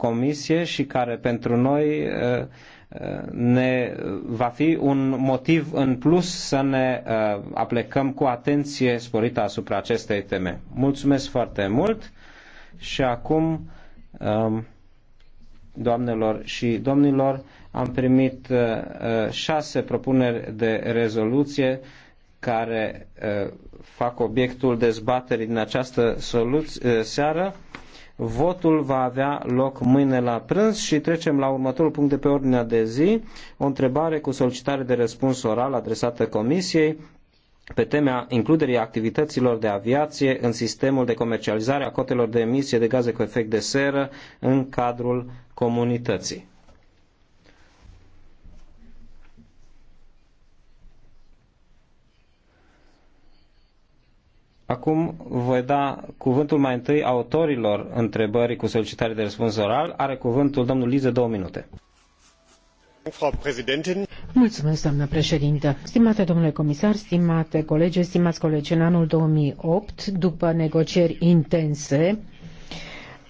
comisie și care pentru noi uh, uh, ne va fi un motiv în plus să ne uh, aplecăm cu atenție sporită asupra acestei teme. Mulțumesc foarte mult și acum, um, doamnelor și domnilor, am primit șase propuneri de rezoluție care fac obiectul dezbaterii din această seară. Votul va avea loc mâine la prânz și trecem la următorul punct de pe ordinea de zi, o întrebare cu solicitare de răspuns oral adresată Comisiei pe tema includerii activităților de aviație în sistemul de comercializare a cotelor de emisie de gaze cu efect de seră în cadrul comunității. Acum voi da cuvântul mai întâi autorilor întrebării cu solicitare de răspuns oral. Are cuvântul domnul Liză, două minute. Mulțumesc, doamnă președintă. Stimate domnule comisar, stimate colegi, stimați colegi, în anul 2008, după negocieri intense,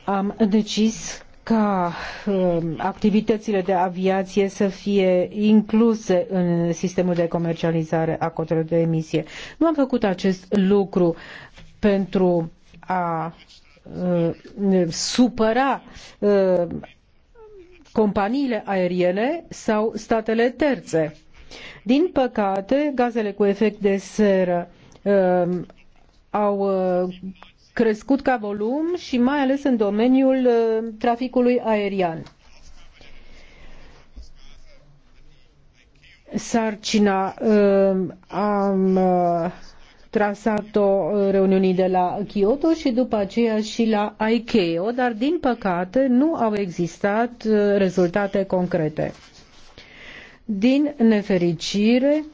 am decis ca um, activitățile de aviație să fie incluse în sistemul de comercializare a cotelor de emisie. Nu am făcut acest lucru pentru a uh, supăra uh, companiile aeriene sau statele terțe. Din păcate, gazele cu efect de seră um, uh, au crescut ca volum și mai ales în domeniul uh, traficului aerian. Sarcina uh, am uh, trasat-o reuniunii de la Kyoto și după aceea și la ICAO, dar din păcate nu au existat rezultate concrete. Din nefericire,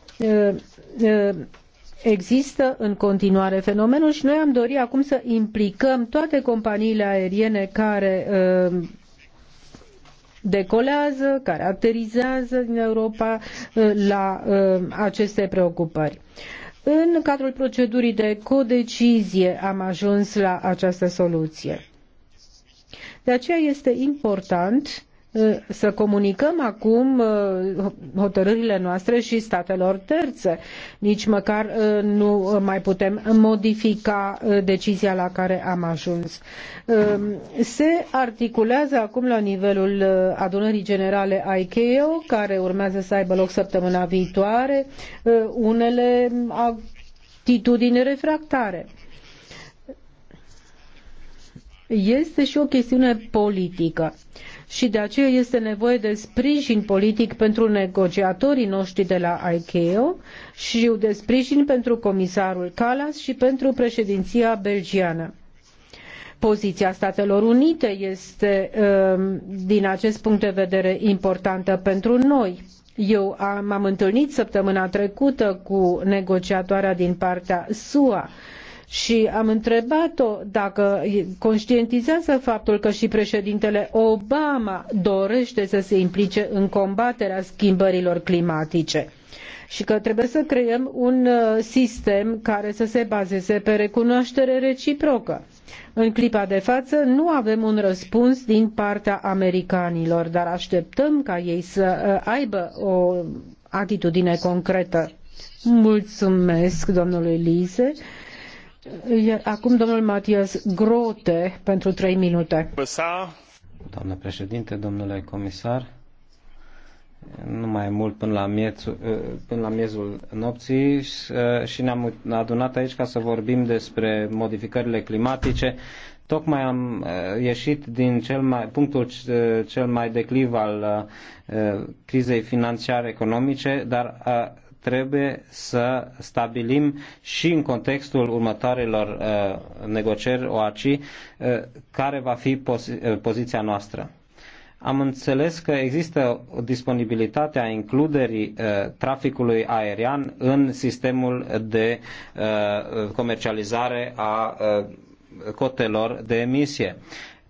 există în continuare fenomenul și noi am dorit acum să implicăm toate companiile aeriene care uh, decolează, care aterizează din Europa uh, la uh, aceste preocupări. În cadrul procedurii de codecizie am ajuns la această soluție. De aceea este important să comunicăm acum uh, hotărârile noastre și statelor terțe. Nici măcar uh, nu mai putem modifica uh, decizia la care am ajuns. Um, se articulează acum la nivelul adunării generale a ICAO, care urmează să aibă loc săptămâna viitoare, unele atitudini refractare este și o chestiune politică și de aceea este nevoie de sprijin politic pentru negociatorii noștri de la ICAO și de sprijin pentru comisarul Kallas și pentru președinția belgiană. Poziția Statelor Unite este, um, din acest punct de vedere, importantă pentru noi. Eu m-am întâlnit săptămâna trecută cu negociatoarea din partea SUA și am întrebat-o dacă conștientizează faptul că și președintele Obama dorește să se implice în combaterea schimbărilor climatice și că trebuie să creăm un uh, sistem care să se bazeze pe recunoaștere reciprocă. În clipa de față nu avem un răspuns din partea americanilor, dar așteptăm ca ei să uh, aibă o atitudine concretă. Mulțumesc domnului Lise. Acum domnul Matias Grote pentru 3 minute. Doamnă președinte, domnule comisar, nu mai mult până la, miezul, până la miezul nopții și ne-am adunat aici ca să vorbim despre modificările climatice. Tocmai am ieșit din cel mai, punctul cel mai decliv al crizei financiare economice, dar trebuie să stabilim și în contextul următoarelor uh, negocieri OACI uh, care va fi uh, poziția noastră. Am înțeles că există disponibilitatea includerii traficului aerian în sistemul de comercializare a cotelor de emisie.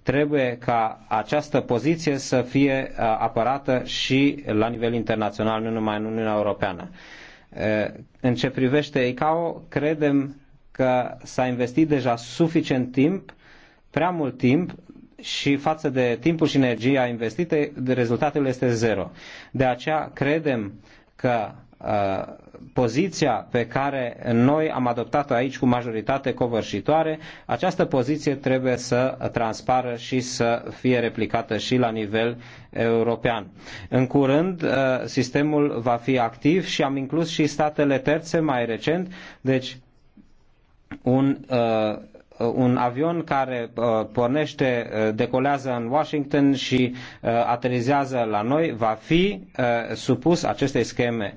Trebuie ca această poziție să fie uh, apărată și la nivel internațional, nu numai în Uniunea Europeană. Uh, în ce privește ICAO, credem că s-a investit deja suficient timp, prea mult timp, și față de timpul și energia investite, rezultatul este zero. De aceea credem că Uh, poziția pe care noi am adoptat-o aici cu majoritate covârșitoare, această poziție trebuie să transpară și să fie replicată și la nivel european. În curând, uh, sistemul va fi activ și am inclus și statele terțe mai recent, deci un uh, Uh, un avion care uh, pornește, uh, decolează în Washington și aterizează la noi, va fi supus acestei scheme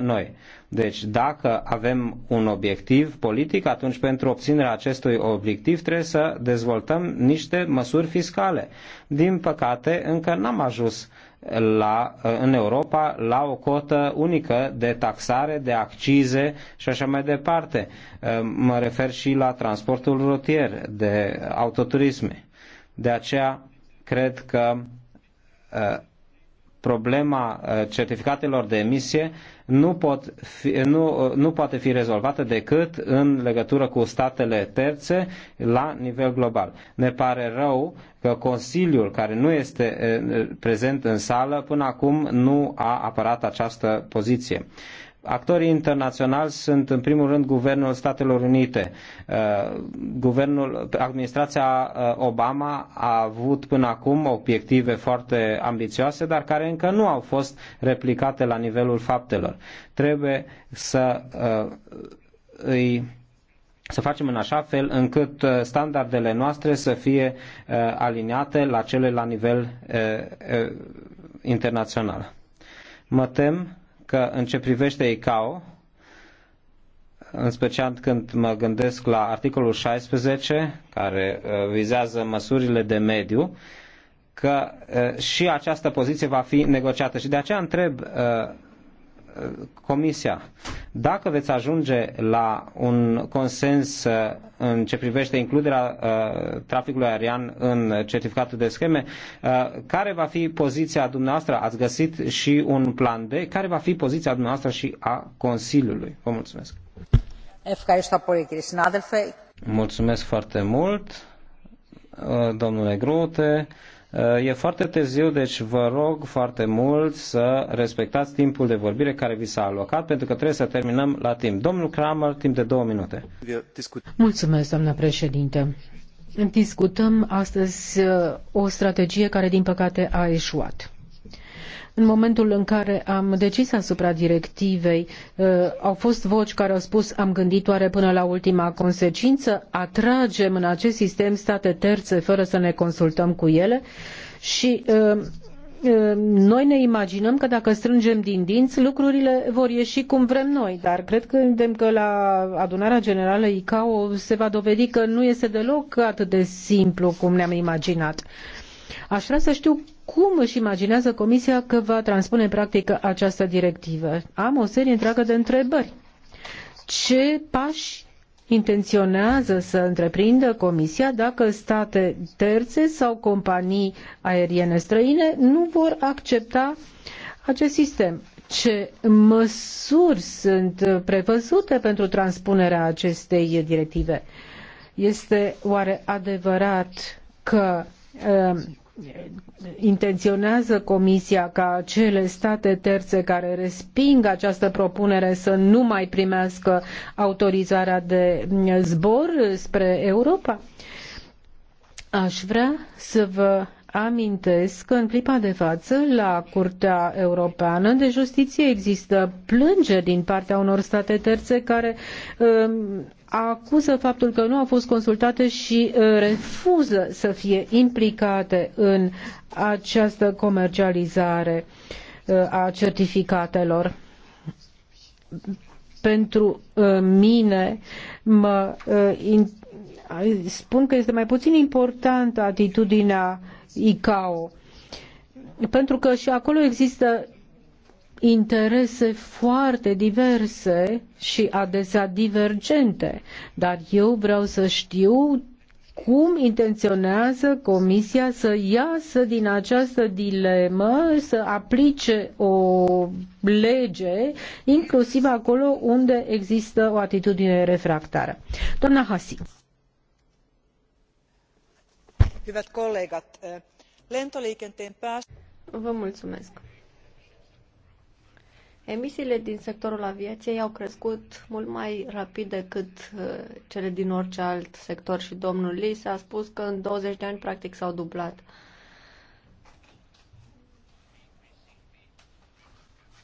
noi. Deci dacă avem un obiectiv politic, atunci pentru obținerea acestui obiectiv trebuie să dezvoltăm niște măsuri fiscale. Din păcate, încă n-am ajuns la, eh, în Europa la o cotă unică de taxare, de accize și așa mai departe. Eh, mă refer și la transportul rutier, de autoturisme. De aceea cred că eh, problema certificatelor de emisie nu, pot fi, nu, nu poate fi rezolvată decât în legătură cu statele terțe la nivel global. Ne pare rău că Consiliul, care nu este eh, prezent în sală, până acum nu a apărat această poziție. Actorii internaționali sunt în primul rând Guvernul Statelor Unite. Uh, guvernul, administrația uh, Obama a avut până acum obiective foarte ambițioase, dar care încă nu au fost replicate la nivelul faptelor. Trebuie să uh, îi să facem în așa fel încât standardele noastre să fie aliniate la cele la nivel internațional. Mă tem că în ce privește ICAO, în special când mă gândesc la articolul 16, care uh, vizează măsurile de mediu, că uh, și această poziție va fi negociată. Și de aceea întreb uh, Comisia. Dacă veți ajunge la un consens uh, în ce privește includerea uh, traficului aerian în certificatul de scheme, uh, care va fi poziția dumneavoastră? Ați găsit și un plan B? Care va fi poziția dumneavoastră și a Consiliului? Vă mulțumesc. Mulțumesc foarte mult, domnule Grote. E foarte târziu, deci vă rog foarte mult să respectați timpul de vorbire care vi s-a alocat, pentru că trebuie să terminăm la timp. Domnul Kramer, timp de două minute. Mulțumesc, doamnă președinte. Discutăm astăzi uh, o strategie care, din păcate, a eșuat. În momentul în care am decis asupra directivei, uh, au fost voci care au spus am gândit oare până la ultima consecință, atragem în acest sistem state terțe fără să ne consultăm cu ele și uh, uh, noi ne imaginăm că dacă strângem din dinți, lucrurile vor ieși cum vrem noi, dar cred că, că la adunarea generală ICAO se va dovedi că nu este deloc atât de simplu cum ne-am imaginat. Aș vrea să știu cum își imaginează Comisia că va transpune în practică această directivă? Am o serie întreagă de întrebări. Ce pași intenționează să întreprindă Comisia dacă state terțe sau companii aeriene străine nu vor accepta acest sistem? Ce măsuri sunt prevăzute pentru transpunerea acestei directive? Este oare adevărat că um, intenționează Comisia ca acele state terțe care resping această propunere să nu mai primească autorizarea de zbor spre Europa? Aș vrea să vă amintesc că în clipa de față la Curtea Europeană de Justiție există plângeri din partea unor state terțe care um, acuză faptul că nu au fost consultate și uh, refuză să fie implicate în această comercializare uh, a certificatelor. Pentru uh, mine mă uh, in, spun că este mai puțin importantă atitudinea ICAO, pentru că și acolo există interese foarte diverse și adesea divergente, dar eu vreau să știu cum intenționează Comisia să iasă din această dilemă, să aplice o lege, inclusiv acolo unde există o atitudine refractară. Doamna Hasi hyvät kollegat eh, lentoliikenteen päästöt Emisiile din sectorul aviației au crescut mult mai rapid decât eh, cele din orice alt sector și domnul Lis a spus că în 20 de ani practic s-au dublat.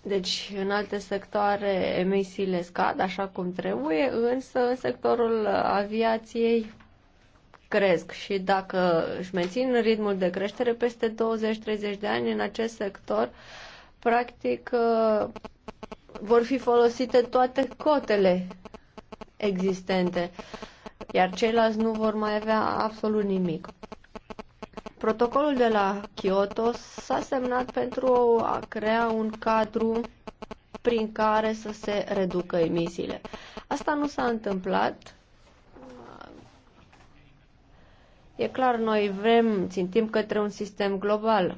Deci, în alte sectoare emisiile scad așa cum trebuie, însă în sectorul aviației cresc și dacă își mențin ritmul de creștere peste 20-30 de ani în acest sector, practic uh, vor fi folosite toate cotele existente, iar ceilalți nu vor mai avea absolut nimic. Protocolul de la Kyoto s-a semnat pentru a crea un cadru prin care să se reducă emisiile. Asta nu s-a întâmplat E clar, noi vrem, țintim către un sistem global.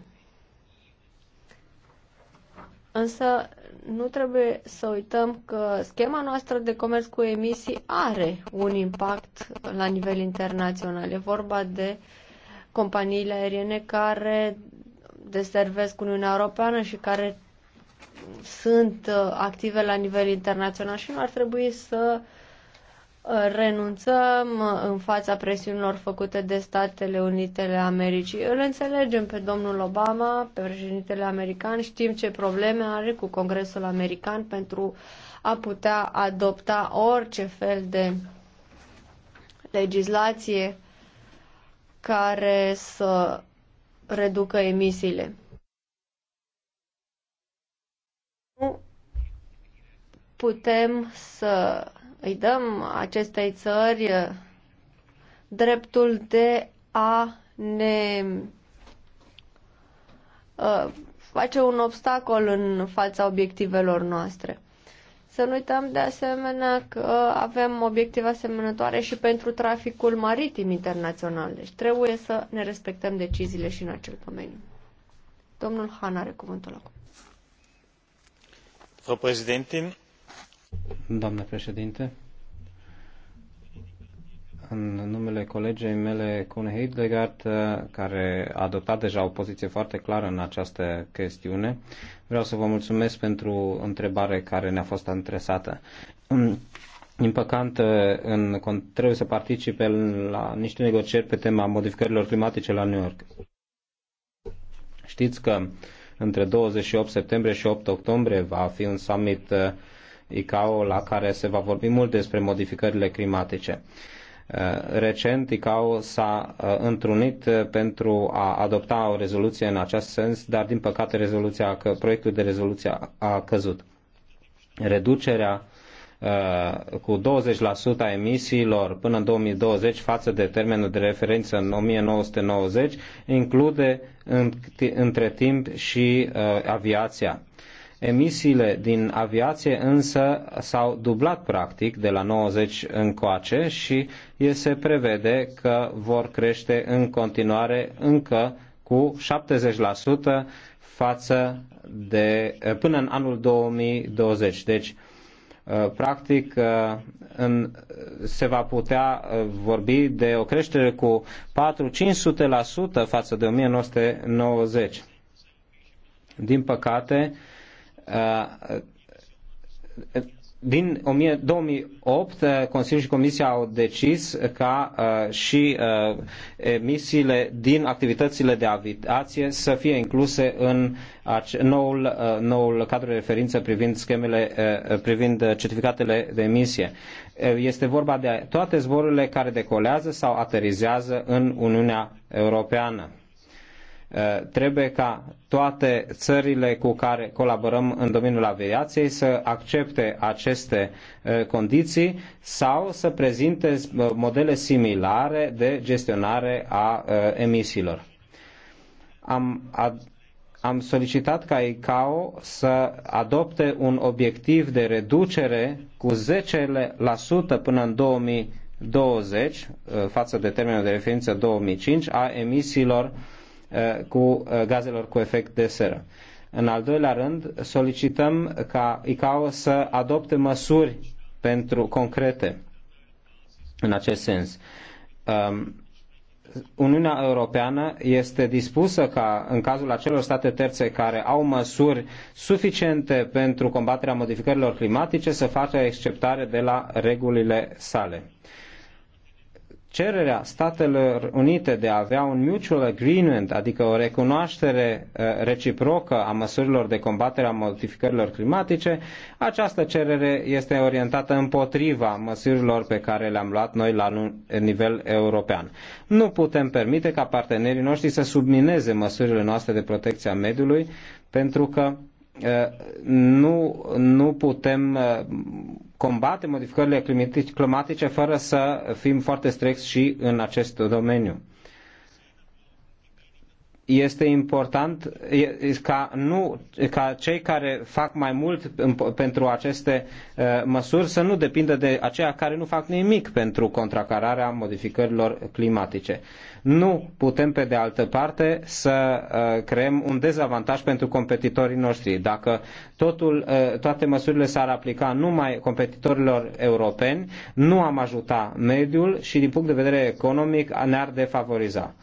Însă nu trebuie să uităm că schema noastră de comerț cu emisii are un impact la nivel internațional. E vorba de companiile aeriene care deservesc Uniunea Europeană și care sunt uh, active la nivel internațional și nu ar trebui să uh, renunțăm în fața presiunilor făcute de Statele Unite ale Americii. Îl înțelegem pe domnul Obama, pe președintele american, știm ce probleme are cu Congresul american pentru a putea adopta orice fel de legislație care să reducă emisiile. Nu putem să îi dăm acestei țări uh, dreptul de a ne uh, face un obstacol în fața obiectivelor noastre. Să nu uităm de asemenea că avem obiective asemănătoare și pentru traficul maritim internațional, deci trebuie să ne respectăm deciziile și în acel domeniu. Domnul Han are cuvântul acum. Frau Präsidentin, Doamnă președinte, în numele colegei mele, Cune Hildegard, care a adoptat deja o poziție foarte clară în această chestiune, vreau să vă mulțumesc pentru întrebare care ne-a fost adresată. Mm, din păcate, în, trebuie să participe la niște negocieri pe tema modificărilor climatice la New York. Știți că între 28 septembrie și 8 octombrie va fi un summit uh, ICAO, la care se va vorbi mult despre modificările climatice. Uh, recent, ICAO s-a uh, întrunit uh, pentru a adopta o rezoluție în acest sens, dar din păcate rezoluția, proiectul de rezoluție a căzut. Reducerea cu 20% a emisiilor până în 2020 față de termenul de referință în 1990 include între timp și aviația. Emisiile din aviație însă s-au dublat practic de la 90 încoace și se prevede că vor crește în continuare încă cu 70% față de până în anul 2020. Deci uh, practic uh, în, se va putea uh, vorbi de o creștere cu 4-500% față de 1990. Din păcate, din 2008, Consiliul și Comisia au decis ca uh, și uh, emisiile din activitățile de aviație să fie incluse în noul, uh, noul cadru de referință privind schemele, privind certificatele de emisie. Este vorba de toate zborurile care decolează sau aterizează în Uniunea Europeană. Eh, trebuie ca toate țările cu care colaborăm în domeniul aviației să accepte aceste eh, condiții sau să prezinte eh, modele similare de gestionare a emisiilor. Am am solicitat ca ICAO să adopte un obiectiv de reducere cu 10% până în 2020, față de termenul de referință 2005, a emisiilor Uh, cu uh, gazelor cu efect de seră. În al doilea rând, solicităm ca ICAO să adopte măsuri pentru concrete în acest sens. Um, Uniunea Europeană este dispusă ca, în cazul acelor state terțe care au măsuri suficiente pentru combaterea modificărilor climatice, să facă exceptare de la regulile sale cererea Statelor Unite de a avea un mutual agreement, adică o recunoaștere uh, reciprocă a măsurilor de combatere a modificărilor climatice, această cerere este orientată împotriva măsurilor pe care le-am luat noi la nivel european. Nu putem permite ca partenerii noștri să submineze măsurile noastre de protecție a mediului, pentru că Uh, nu, nu putem uh, combate modificările climatice fără să fim foarte strecți și în acest domeniu. Este important ca, nu, ca cei care fac mai mult pentru aceste uh, măsuri să nu depindă de aceia care nu fac nimic pentru contracararea modificărilor climatice. Nu putem, pe de altă parte, să uh, creăm un dezavantaj pentru competitorii noștri. Dacă totul, uh, toate măsurile s-ar aplica numai competitorilor europeni, nu am ajuta mediul și, din punct de vedere economic, ne-ar defavoriza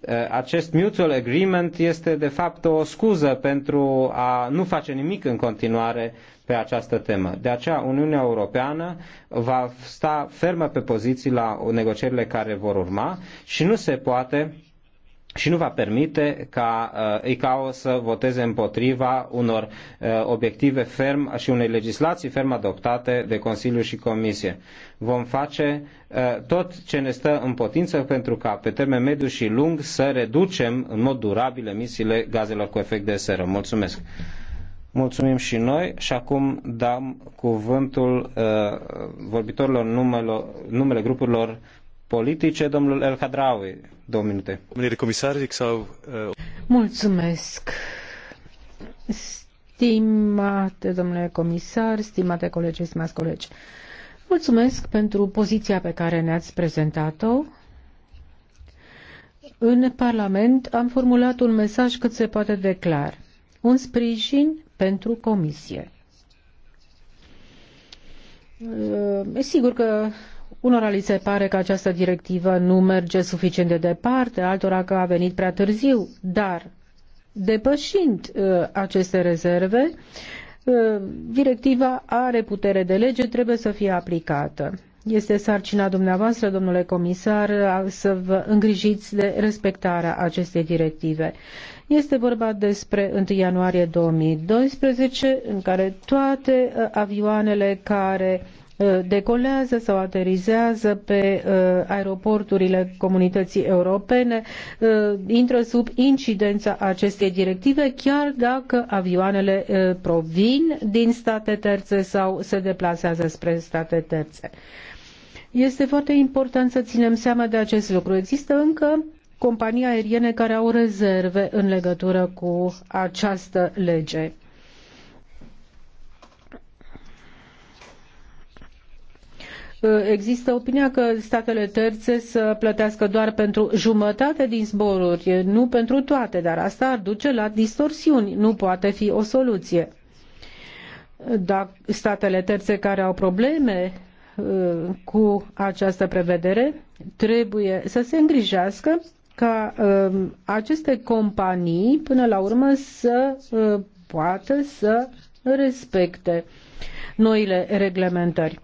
uh, acest mutual agreement este de fapt o scuză pentru a nu face nimic în continuare pe această temă. De aceea, Uniunea Europeană va sta fermă pe poziții la negocierile care vor urma și nu se poate și nu va permite ca uh, ICAO să voteze împotriva unor uh, obiective ferm și unei legislații ferm adoptate de Consiliu și Comisie. Vom face uh, tot ce ne stă în potință pentru ca pe termen mediu și lung să reducem în mod durabil emisiile gazelor cu efect de seră. Mulțumesc! Mulțumim și noi și acum dăm cuvântul uh, vorbitorilor numelo, numele grupurilor politice, domnul El Khadraoui. Două minute. Domnule comisar, sau... Uh... Mulțumesc. Stimate domnule comisar, stimate colegi, stimați colegi, mulțumesc pentru poziția pe care ne-ați prezentat-o. În Parlament am formulat un mesaj cât se poate de clar. Un sprijin pentru comisie. E sigur că unora li se pare că această directivă nu merge suficient de departe, altora că a venit prea târziu, dar depășind uh, aceste rezerve, uh, directiva are putere de lege, trebuie să fie aplicată. Este sarcina dumneavoastră, domnule comisar, să vă îngrijiți de respectarea acestei directive. Este vorba despre 1 ianuarie 2012, în care toate uh, avioanele care uh, decolează sau aterizează pe uh, aeroporturile comunității europene, intră sub incidența acestei directive, chiar dacă avioanele provin din state terțe sau se deplasează spre state terțe. Este foarte important să ținem seama de acest lucru. Există încă companii aeriene care au rezerve în legătură cu această lege. Există opinia că statele terțe să plătească doar pentru jumătate din zboruri, nu pentru toate, dar asta ar duce la distorsiuni, nu poate fi o soluție. Dacă statele terțe care au probleme uh, cu această prevedere trebuie să se îngrijească ca uh, aceste companii până la urmă să uh, poată să respecte noile reglementări.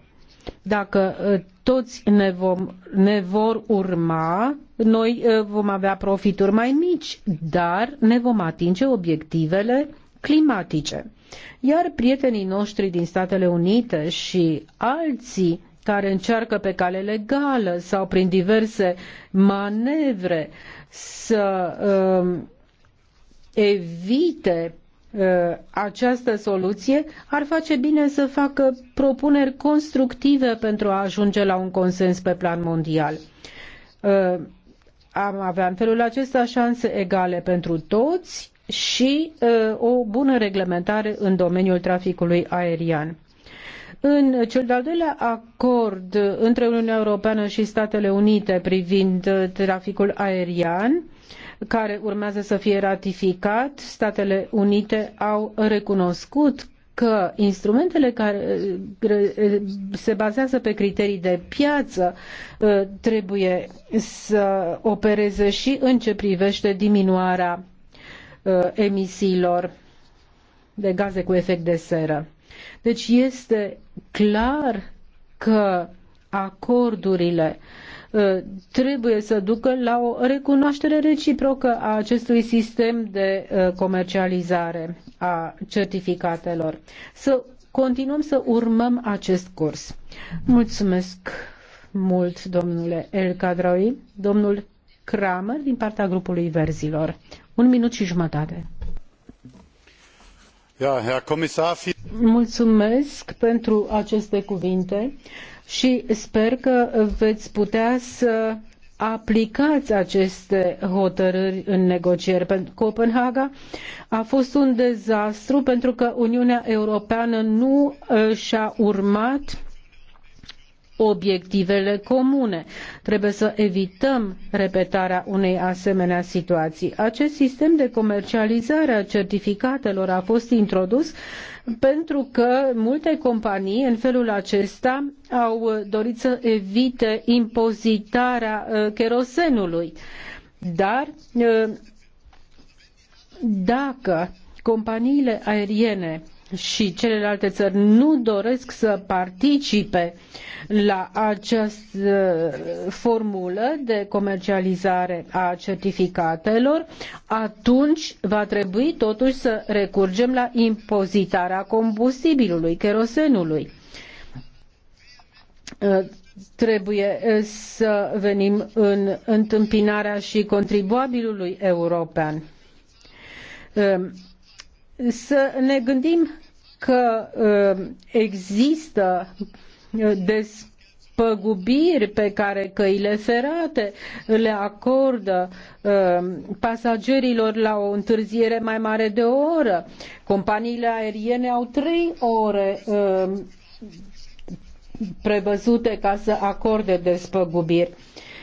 Dacă uh, toți ne, vom, ne vor urma, noi uh, vom avea profituri mai mici, dar ne vom atinge obiectivele climatice. Iar prietenii noștri din Statele Unite și alții care încearcă pe cale legală sau prin diverse manevre să uh, evite uh, această soluție, ar face bine să facă propuneri constructive pentru a ajunge la un consens pe plan mondial. Uh, am avea în felul acesta șanse egale pentru toți și uh, o bună reglementare în domeniul traficului aerian. În cel de-al doilea acord între Uniunea Europeană și Statele Unite privind uh, traficul aerian, care urmează să fie ratificat, Statele Unite au recunoscut că instrumentele care uh, uh, se bazează pe criterii de piață trebuie să opereze și în ce privește diminuarea emisiilor de gaze cu efect de seră. Deci este clar că acordurile uh, trebuie să ducă la o recunoaștere reciprocă a acestui sistem de uh, comercializare a certificatelor. Să continuăm să urmăm acest curs. Mulțumesc mult, domnule El Cadroi, domnul Kramer din partea grupului Verzilor. Un minut și jumătate. Mulțumesc pentru aceste cuvinte și sper că veți putea să aplicați aceste hotărâri în negocieri. Pentru Copenhaga a fost un dezastru pentru că Uniunea Europeană nu uh, și-a urmat obiectivele comune. Trebuie să evităm repetarea unei asemenea situații. Acest sistem de comercializare a certificatelor a fost introdus pentru că multe companii în felul acesta au dorit să evite impozitarea uh, cherosenului. Dar uh, dacă companiile aeriene și celelalte țări nu doresc să participe la această uh, formulă de comercializare a certificatelor, atunci va trebui totuși să recurgem la impozitarea combustibilului, kerosenului uh, trebuie uh, să venim în întâmpinarea și contribuabilului european. Să ne gândim că uh, există uh, despăgubiri pe care căile ferate le acordă uh, pasagerilor la o întârziere mai mare de o oră. Companiile aeriene au trei ore prevăzute ca să acorde despăgubiri.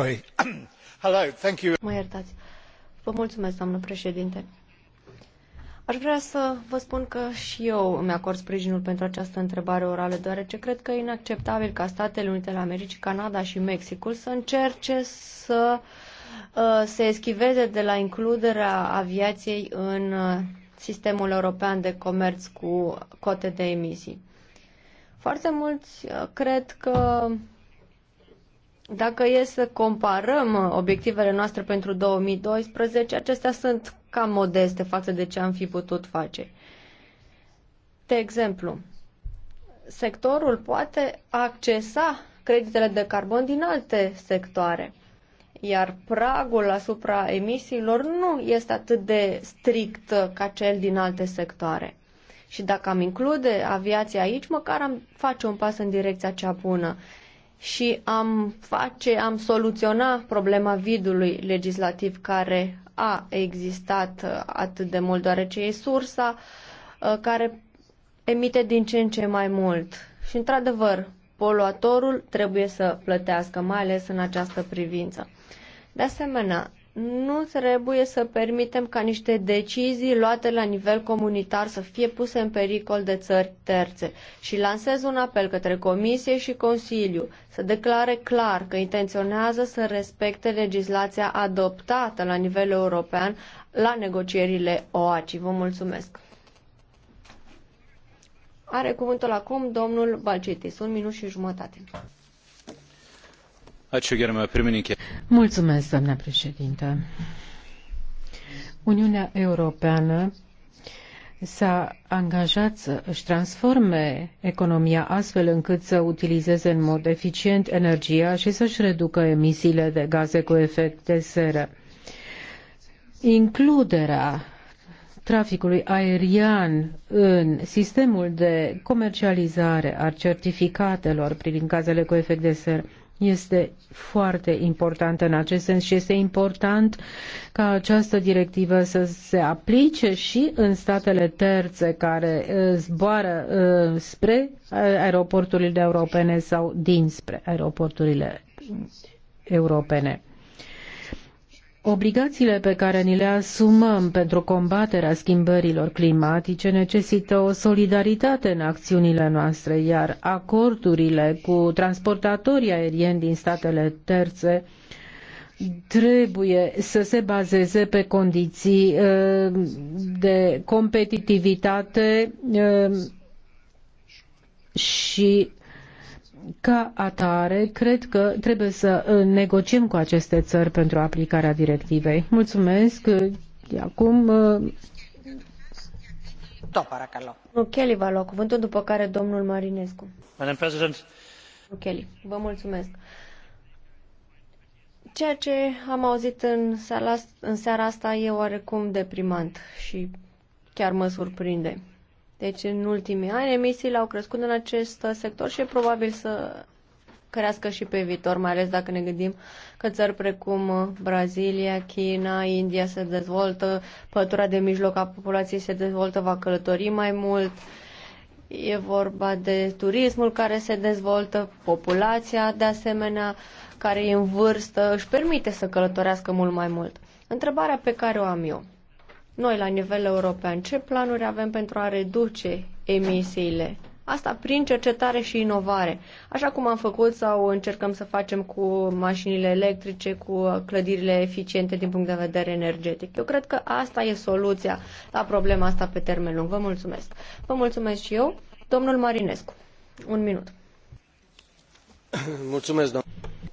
a Vă mulțumesc, președinte. vrea să vă spun că și eu îmi acord sprijinul pentru această întrebare orală, deoarece cred că e inacceptabil ca Statele Unite ale Americii, Canada și Mexicul să încerce să uh, se eschiveze de la includerea aviației în uh, sistemul european de comerț cu cote de emisii. Foarte mulți uh, cred că dacă e să comparăm uh, obiectivele noastre pentru 2012, acestea sunt cam modeste față de ce am fi putut face. De exemplu, sectorul poate accesa creditele de carbon din alte sectoare, iar pragul asupra emisiilor nu este atât de strict uh, ca cel din alte sectoare. Și dacă am include aviația aici, măcar am face un pas în direcția cea bună și am face, am soluționa problema vidului legislativ care a existat uh, atât de mult, deoarece e sursa uh, care emite din ce în ce mai mult. Și, într-adevăr, poluatorul trebuie să plătească, mai ales în această privință. De asemenea, nu trebuie să permitem ca niște decizii luate la nivel comunitar să fie puse în pericol de țări terțe și lansez un apel către Comisie și Consiliu să declare clar că intenționează să respecte legislația adoptată la nivel european la negocierile OACI. Vă mulțumesc! Are cuvântul acum domnul Balcitis. Un minut și jumătate. Uniunea Europeană s-a angajat să își transforme economia astfel încât să utilizeze în mod eficient energia și să-și reducă emisiile de gaze cu efect de seră. Includerea traficului aerian în sistemul de comercializare a certificatelor privind gazele cu efect de seră este foarte important în acest sens și este important ca această directivă să se aplice și în statele terțe care uh, zboară uh, spre uh, aeroporturile europene sau dinspre aeroporturile europene. Obligațiile pe care ni le asumăm pentru combaterea schimbărilor climatice necesită o solidaritate în acțiunile noastre, iar acordurile cu transportatorii aerieni din statele terțe trebuie să se bazeze pe condiții uh, de competitivitate uh, și ca atare, cred că trebuie să uh, negociem cu aceste țări pentru aplicarea directivei. Mulțumesc. Uh, acum. Uh, domnul Kelly va lua cuvântul, după care domnul Marinescu. Madam President. Kelly, vă mulțumesc. Ceea ce am auzit în, sala, în seara asta e oarecum deprimant și chiar mă surprinde. Deci, în ultimii ani, emisiile au crescut în acest sector și e probabil să crească și pe viitor, mai ales dacă ne gândim că țări precum Brazilia, China, India se dezvoltă, pătura de mijloc a populației se dezvoltă, va călători mai mult, e vorba de turismul care se dezvoltă, populația de asemenea care e în vârstă își permite să călătorească mult mai mult. Întrebarea pe care o am eu noi la nivel european? Ce planuri avem pentru a reduce emisiile? Asta prin cercetare și inovare, așa cum am făcut sau încercăm să facem cu mașinile electrice, cu clădirile eficiente din punct de vedere energetic. Eu cred că asta e soluția la problema asta pe termen lung. Vă mulțumesc. Vă mulțumesc și eu. Domnul Marinescu, un minut. Mulțumesc, doamnă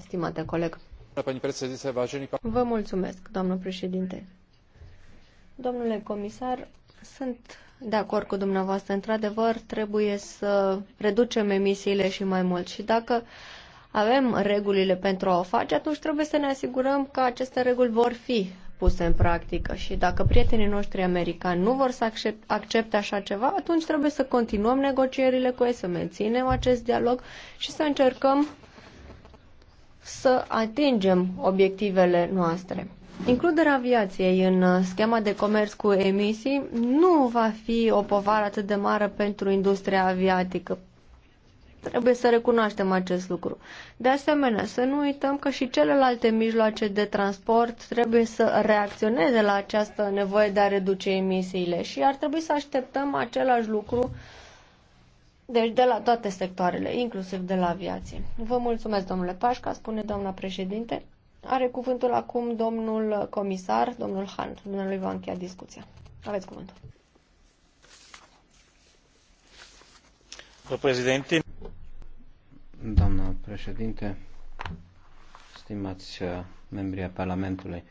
stimate coleg. Vă mulțumesc, doamnă președinte. Domnule comisar, sunt de acord cu dumneavoastră. Într-adevăr, trebuie să reducem emisiile și mai mult. Și dacă avem regulile pentru a o face, atunci trebuie să ne asigurăm că aceste reguli vor fi puse în practică și dacă prietenii noștri americani nu vor să accepte așa ceva, atunci trebuie să continuăm negocierile cu ei, să menținem acest dialog și să încercăm să atingem obiectivele noastre. Includerea aviației în uh, schema de comerț cu emisii nu va fi o povară atât de mare pentru industria aviatică. Trebuie să recunoaștem acest lucru. De asemenea, să nu uităm că și celelalte mijloace de transport trebuie să reacționeze la această nevoie de a reduce emisiile și ar trebui să așteptăm același lucru uh, deci de la toate sectoarele, inclusiv de la aviație. Vă mulțumesc, domnule Pașca, spune doamna președinte. Are cuvântul acum domnul comisar, domnul Han. Dumnealui va încheia discuția. Aveți cuvântul. Președinte. Doamna președinte, stimați uh, membri ai Parlamentului,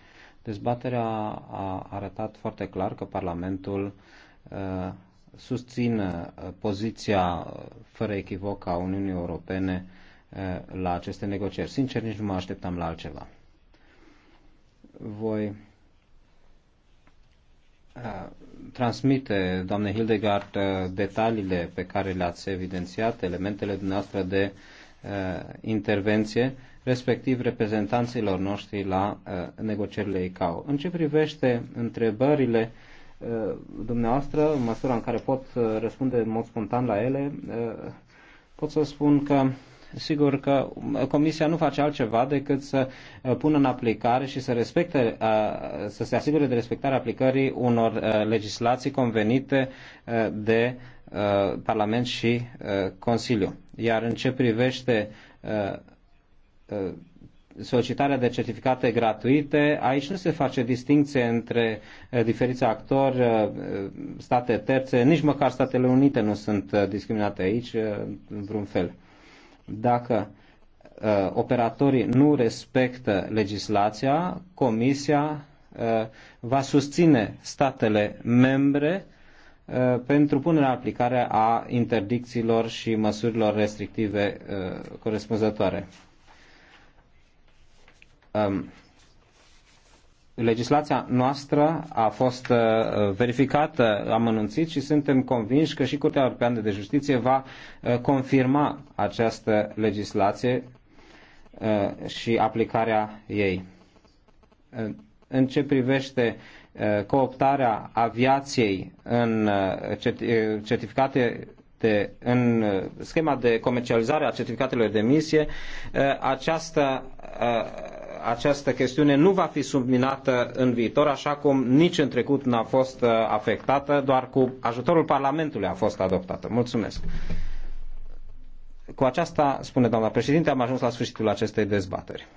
dezbaterea a arătat foarte clar că Parlamentul uh, susțin uh, poziția uh, fără echivoc a Uniunii Europene uh, la aceste negocieri. Sincer, nici nu mă așteptam la altceva. Voi transmite, doamne Hildegard, detaliile pe care le-ați evidențiat, elementele dumneavoastră de intervenție, respectiv reprezentanților noștri la negocierile ICAO. În ce privește întrebările Uh, dumneavoastră, în măsura în care pot răspunde în mod spontan la ele, uh, pot să spun că sigur că uh, Comisia nu face altceva decât să pună în aplicare și să respecte, să se asigure de respectarea aplicării unor legislații convenite de Parlament și Consiliu. Iar în ce privește solicitarea de certificate gratuite. Aici nu se face distinție între eh, diferiți actori, eh, state terțe, nici măcar Statele Unite nu sunt eh, discriminate aici în vreun fel. Dacă operatorii nu respectă legislația, Comisia va susține statele membre pentru punerea aplicare a interdicțiilor și măsurilor restrictive corespunzătoare. Um, legislația noastră a fost uh, verificată, am anunțit și suntem convinși că și Curtea Europeană de Justiție va uh, confirma această legislație uh, și aplicarea ei. În ce privește cooptarea aviației în certificate de, în schema de comercializare a certificatelor de emisie, această această chestiune nu va fi subminată în viitor, așa cum nici în trecut n-a fost uh, afectată, doar cu ajutorul Parlamentului a fost adoptată. Mulțumesc. Cu aceasta, spune doamna președinte, am ajuns la sfârșitul acestei dezbateri.